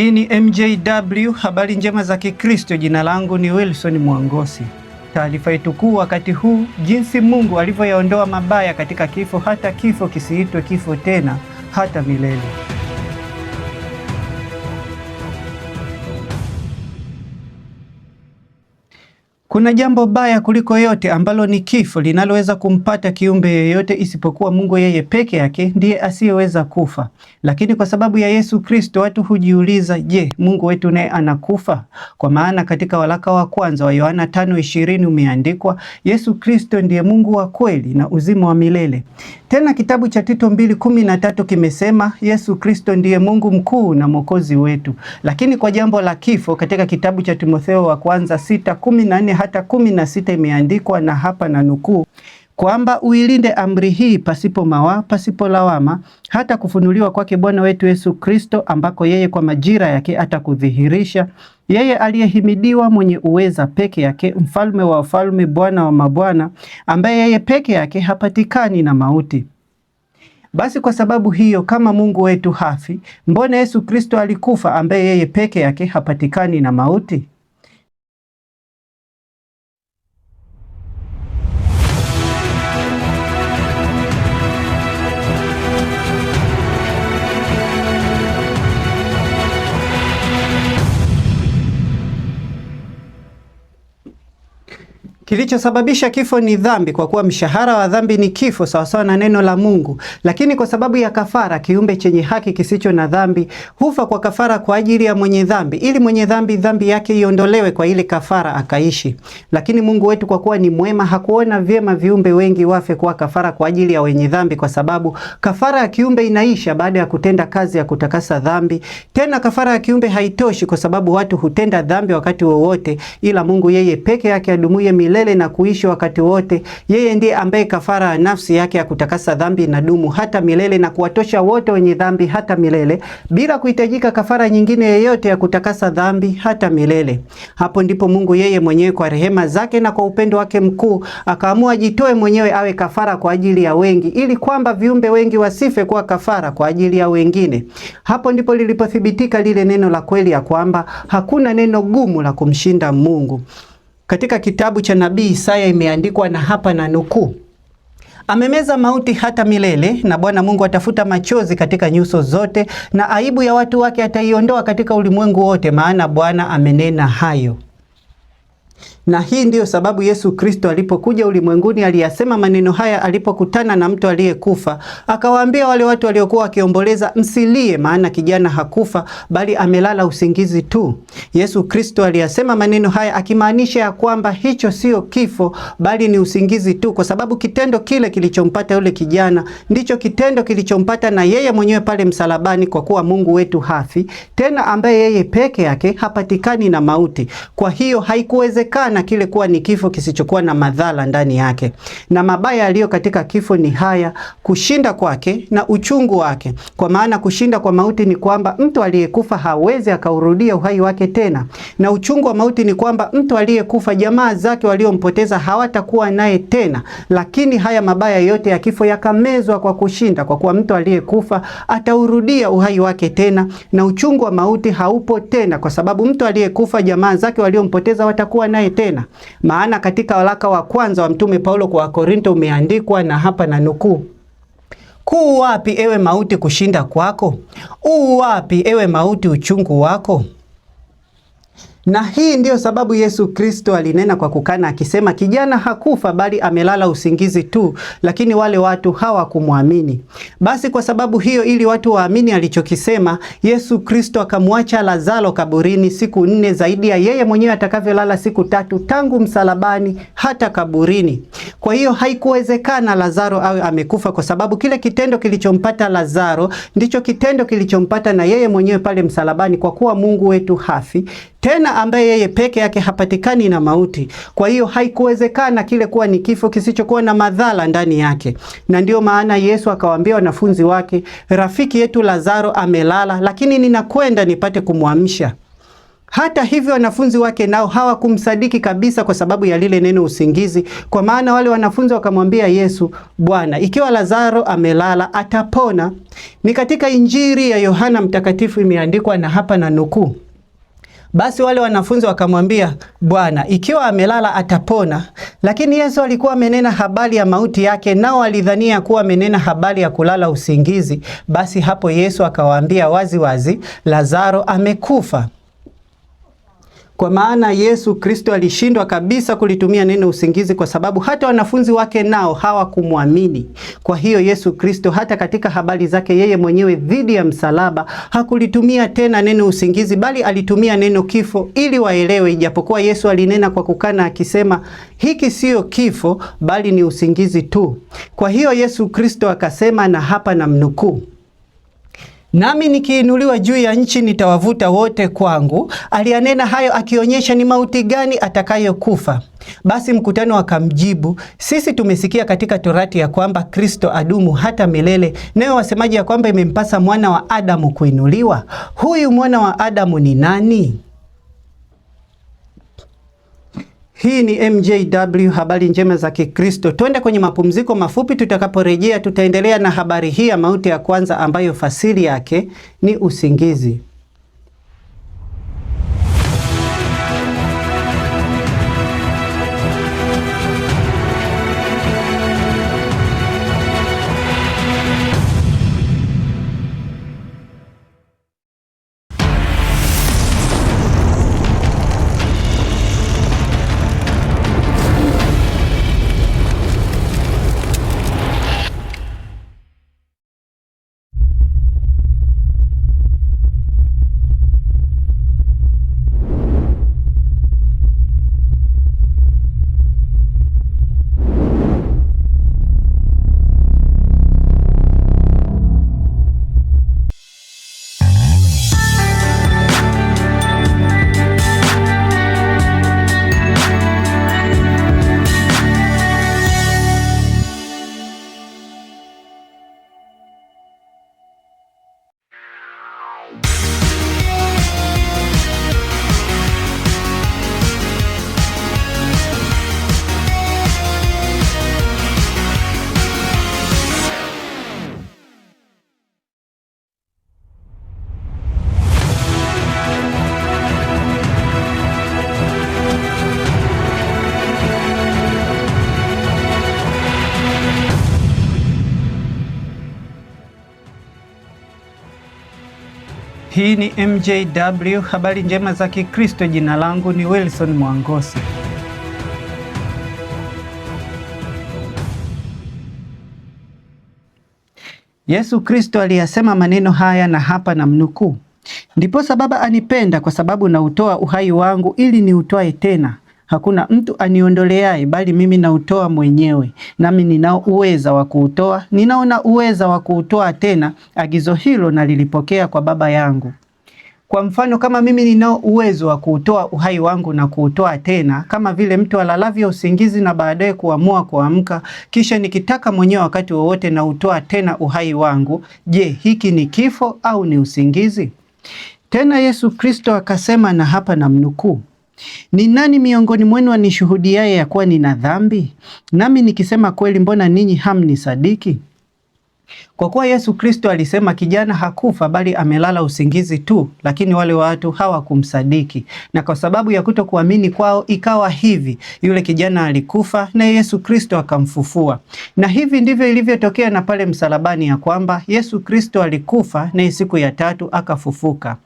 Hii ni MJW, habari njema za Kikristo. Jina langu ni Wilson Mwangosi. Taarifa yetu kuu wakati huu, jinsi Mungu alivyoyaondoa mabaya katika kifo, hata kifo kisiitwe kifo tena hata milele. Kuna jambo baya kuliko yote ambalo ni kifo linaloweza kumpata kiumbe yeyote isipokuwa Mungu yeye peke yake ndiye asiyeweza kufa. Lakini kwa sababu ya Yesu Kristo watu hujiuliza, je, Mungu wetu naye anakufa? Kwa maana katika waraka wa kwanza wa Yohana 5:20 umeandikwa, Yesu Kristo ndiye Mungu wa kweli na uzima wa milele. Tena kitabu cha Tito 2:13 kimesema, Yesu Kristo ndiye Mungu mkuu na Mwokozi wetu. Lakini kwa jambo la kifo katika kitabu cha Timotheo wa kwanza 6:14 hata kumi na sita imeandikwa na hapa na nukuu kwamba uilinde amri hii pasipo mawa pasipo lawama, hata kufunuliwa kwake Bwana wetu Yesu Kristo, ambako yeye kwa majira yake atakudhihirisha yeye aliyehimidiwa, mwenye uweza peke yake, mfalme wa wafalme, Bwana wa mabwana, ambaye yeye peke yake hapatikani na mauti. Basi kwa sababu hiyo, kama Mungu wetu hafi, mbona Yesu Kristo alikufa, ambaye yeye peke yake hapatikani na mauti? Kilichosababisha kifo ni dhambi, kwa kuwa mshahara wa dhambi ni kifo, sawasawa na neno la Mungu. Lakini kwa sababu ya kafara, kiumbe chenye haki kisicho na dhambi hufa kwa kafara kwa ajili ya mwenye dhambi, ili mwenye dhambi dhambi yake iondolewe kwa ile kafara, akaishi. Lakini Mungu wetu kwa kuwa ni mwema, hakuona vyema viumbe wengi wafe kwa kafara kwa ajili ya wenye dhambi, kwa sababu kafara ya kiumbe inaisha baada ya kutenda kazi ya kutakasa dhambi. Tena kafara ya kiumbe haitoshi, kwa sababu watu hutenda dhambi wakati wowote, ila Mungu yeye peke yake adumuye milele milele na kuishi wakati wote. Yeye ndiye ambaye kafara ya nafsi yake ya kutakasa dhambi na dumu hata milele na kuwatosha wote wenye dhambi hata milele, bila kuhitajika kafara nyingine yeyote ya kutakasa dhambi hata milele. Hapo ndipo Mungu yeye mwenyewe kwa rehema zake na kwa upendo wake mkuu akaamua jitoe mwenyewe awe kafara kwa ajili ya wengi, ili kwamba viumbe wengi wasife kuwa kafara kwa ajili ya wengine. Hapo ndipo lilipothibitika lile neno la kweli ya kwamba hakuna neno gumu la kumshinda Mungu katika kitabu cha nabii Isaya imeandikwa, na hapa na nukuu, amemeza mauti hata milele, na Bwana Mungu atafuta machozi katika nyuso zote, na aibu ya watu wake ataiondoa katika ulimwengu wote, maana Bwana amenena hayo. Na hii ndiyo sababu Yesu Kristo alipokuja ulimwenguni aliyasema maneno haya alipokutana na mtu aliyekufa. Akawaambia wale watu waliokuwa wakiomboleza, msilie, maana kijana hakufa, bali amelala usingizi tu. Yesu Kristo aliyasema maneno haya akimaanisha ya kwamba hicho sio kifo, bali ni usingizi tu, kwa sababu kitendo kile kilichompata yule kijana ndicho kitendo kilichompata na yeye mwenyewe pale msalabani, kwa kuwa Mungu wetu hafi tena, ambaye yeye peke yake hapatikani na mauti. Kwa hiyo haikuwezekana sana kile kuwa ni kifo kisichokuwa na madhara ndani yake, na mabaya yaliyo katika kifo ni haya: kushinda kwake na uchungu wake. Kwa maana kushinda kwa mauti ni kwamba mtu aliyekufa hawezi akaurudia uhai wake tena, na uchungu wa mauti ni kwamba mtu aliyekufa jamaa zake waliompoteza hawatakuwa naye tena. Lakini haya mabaya yote ya kifo yakamezwa kwa kushinda, kwa kuwa mtu aliyekufa ataurudia uhai wake tena, na uchungu wa mauti haupo tena, kwa sababu mtu aliyekufa jamaa zake waliompoteza watakuwa naye tena tena, maana katika waraka wa kwanza wa Mtume Paulo kwa Wakorinto umeandikwa, na hapa na nukuu Kuu wapi ewe mauti kushinda kwako? Uu wapi ewe mauti uchungu wako? Na hii ndiyo sababu Yesu Kristo alinena kwa kukana akisema, kijana hakufa bali amelala usingizi tu, lakini wale watu hawakumwamini. Basi kwa sababu hiyo, ili watu waamini alichokisema, Yesu Kristo akamwacha Lazaro kaburini siku nne zaidi ya yeye mwenyewe atakavyolala siku tatu tangu msalabani hata kaburini. Kwa hiyo haikuwezekana Lazaro awe amekufa, kwa sababu kile kitendo kilichompata Lazaro ndicho kitendo kilichompata na yeye mwenyewe pale msalabani, kwa kuwa Mungu wetu hafi tena ambaye yeye peke yake hapatikani na mauti. Kwa hiyo haikuwezekana kile kuwa ni kifo kisichokuwa na madhara ndani yake, na ndiyo maana Yesu akawaambia wanafunzi wake, rafiki yetu Lazaro amelala, lakini ninakwenda nipate kumwamsha. Hata hivyo wanafunzi wake nao hawakumsadiki kabisa, kwa sababu ya lile neno usingizi. Kwa maana wale wanafunzi wakamwambia Yesu, Bwana, ikiwa Lazaro amelala atapona. Ni katika Injili ya Yohana Mtakatifu imeandikwa, na hapa na nukuu basi wale wanafunzi wakamwambia, Bwana, ikiwa amelala atapona. Lakini Yesu alikuwa amenena habari ya mauti yake, nao alidhania kuwa amenena habari ya kulala usingizi. Basi hapo Yesu akawaambia wazi wazi, Lazaro amekufa. Kwa maana Yesu Kristo alishindwa kabisa kulitumia neno usingizi, kwa sababu hata wanafunzi wake nao hawakumwamini. Kwa hiyo Yesu Kristo hata katika habari zake yeye mwenyewe dhidi ya msalaba hakulitumia tena neno usingizi, bali alitumia neno kifo ili waelewe, ijapokuwa Yesu alinena kwa kukana akisema, hiki siyo kifo, bali ni usingizi tu. Kwa hiyo Yesu Kristo akasema, na hapa namnukuu Nami nikiinuliwa juu ya nchi nitawavuta wote kwangu. Aliyanena hayo akionyesha ni mauti gani atakayokufa. Basi mkutano akamjibu, sisi tumesikia katika Torati ya kwamba Kristo adumu hata milele, nayo wasemaji ya kwamba imempasa mwana wa Adamu kuinuliwa. Huyu mwana wa Adamu ni nani? Hii ni MJW, habari njema za Kikristo. Twende kwenye mapumziko mafupi. Tutakaporejea tutaendelea na habari hii ya mauti ya kwanza ambayo fasiri yake ni usingizi. Hii ni MJW, habari njema za Kikristo. Jina langu ni Wilson Mwangosi. Yesu Kristo aliyasema maneno haya na hapa na mnukuu: ndipo sababa anipenda kwa sababu nautoa uhai wangu ili niutwae tena, hakuna mtu aniondoleaye, bali mimi nautoa mwenyewe, nami ninao uweza wa kuutoa, ninaona uweza wa kuutoa tena. Agizo hilo nalilipokea kwa Baba yangu. Kwa mfano, kama mimi ninao uwezo wa kuutoa uhai wangu na kuutoa tena, kama vile mtu alalavyo usingizi na baadaye kuamua kuamka, kisha nikitaka mwenyewe wakati wowote na utoa tena uhai wangu, je, hiki ni kifo au ni usingizi? Tena Yesu Kristo akasema, na hapa namnukuu ni nani miongoni mwenu anishuhudiaye ya kuwa nina dhambi? Nami nikisema kweli, mbona ninyi hamnisadiki? Kwa kuwa Yesu Kristo alisema kijana hakufa bali amelala usingizi tu, lakini wale watu hawakumsadiki. Na kwa sababu ya kutokuamini kwao, ikawa hivi, yule kijana alikufa, naye Yesu Kristo akamfufua. Na hivi ndivyo ilivyotokea na pale msalabani, ya kwamba Yesu Kristo alikufa, naye siku ya tatu akafufuka.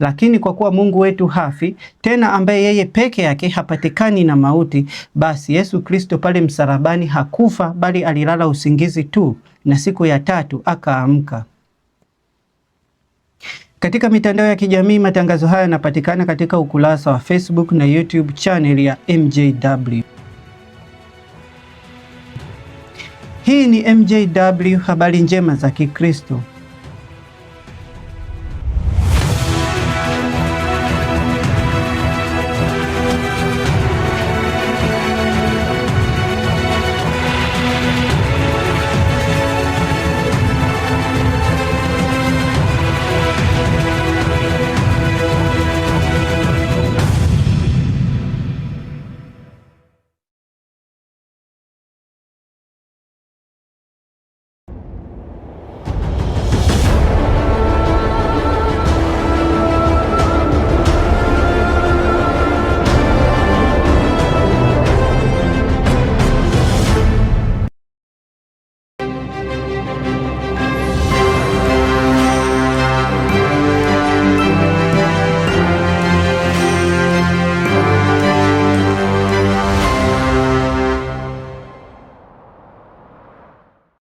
Lakini kwa kuwa Mungu wetu hafi tena, ambaye yeye peke yake hapatikani na mauti, basi Yesu Kristo pale msalabani hakufa bali alilala usingizi tu na siku ya tatu akaamka. Katika mitandao ya kijamii, matangazo haya yanapatikana katika ukurasa wa Facebook na YouTube channel ya MJW. Hii ni MJW, habari njema za Kikristo.